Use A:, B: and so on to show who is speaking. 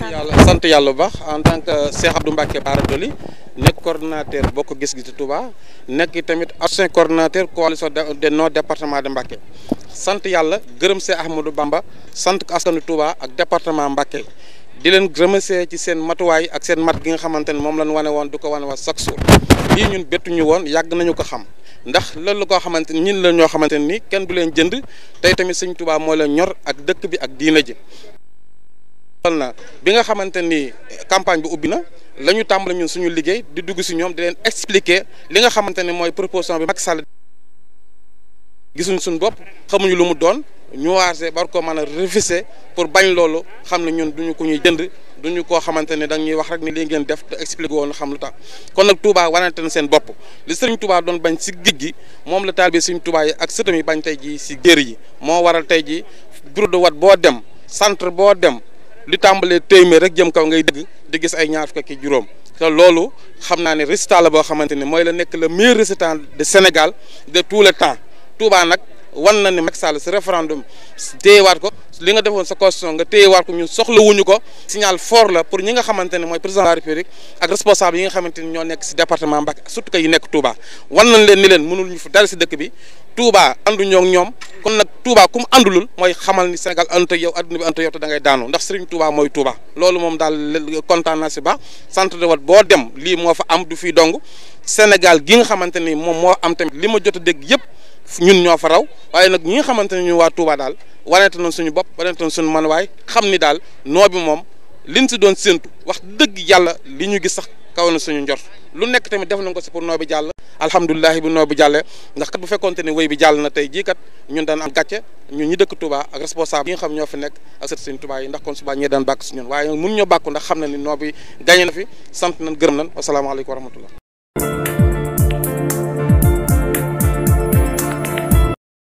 A: sant yàlla sant yàlla bu baax en tant que Cheikh Abdou Mbacke Bara Dolly nekk coordonnateur bokk gis-gis Touba nekk tamit ancien coordonnateur coalition de nos départements de Mbacke sant yàlla gërëm see Ahmadou Bamba sant ko askanu Touba ak département Mbacke di leen remercier ci seen matuwaay ak seen mat gi nga xamante ne moom lañ wane woon du ko wane waa chaque jour lii ñun bettuñu woon yàgg nañu ko xam ndax loolu la koo xamante ni ñin la ñoo xamante ni kenn du leen jënd tey tamit Sëñ Touba moo ñor ak dëkk bi ak diina ji na bi nga xamante ni campagne bu ubbi na la ñu tàmbali ñun suñu liggéey di dugg si ñoom di leen expliquer li nga xamante ni mooy proposition bi Macky Sall gisuñ suñu bopp xamuñu lu mu doon ñu waase bar ko mën a refuser pour bañ loolu xam ne ñun duñu ko ñuy jënd duñu koo xamante ne ñuy wax rek ni lii ngeen def te expliqué woon xam lu tax kon nag Touba wanante na seen bopp li Serigne Touba doon bañ si géej gi moom la taalibe Serigne Touba yi ak sëtam yi bañ tey ji si géer yi moo waral tey ji bureau de boo dem centre boo dem li tàmbalee téeméer rek jëm kaw ngay dégg di gis ay ñaar fukki juróom te loolu xam naa ne résultat la boo xamante ni mooy la nekk le meilleur résultat de Sénégal de tout le temps Touba nag wan na ni Macky Sall si référendum waat ko li nga defoon sa constitution nga téyewaat ko ñun soxlawuñu ko signal foor la pour ñi nga xamante ne mooy président de la république ak responsable yi nga xamante ni ñoo nekk si département Mbacké surtout que yi nekk Touba wan nañ leen ni leen mënul ñu fa dara si dëkk bi Touba andu ñoo ñoom kon nag Touba ku mu àndulul mooy xamal ni Sénégal àndut ak yow adduna bi àndut ak yow te da ngay daanu ndax Serigne Touba mooy Touba loolu moom daal kontaan naa si baax centre de vote boo dem lii moo fa am du fi dong Sénégal gi nga xamante ni moom moo am tamit li ma jot a dégg yëpp ñun ñoo fa raw waaye nag ñi nga xamante ne ñu waa Touba daal warante nañ suñu bopp wanante nañ suñu manuwaay xam ni daal noo bi moom liñ si doon séentu wax dëgg yàlla li ñu gis sax kaw na suñu njort lu nekk tamit def nañ ko si pour noo bi jàll. alhamdulilahi bu noo bi jàllee ndax kat bu fekkonte ne wéy bi jàll na tey jii kat ñun daan am gàcce ñu ñi dëkk Touba ak responsable yi nga xam ñoo fi nekk ak sët sëñ Touba yi ndax kon suba ñee daan bàkk si ñun waaye mun ñoo bàkku ndax xam na ni noo bi gañe na fi sant na gërëm nañ wasalaamaaleykum wa rahmatullah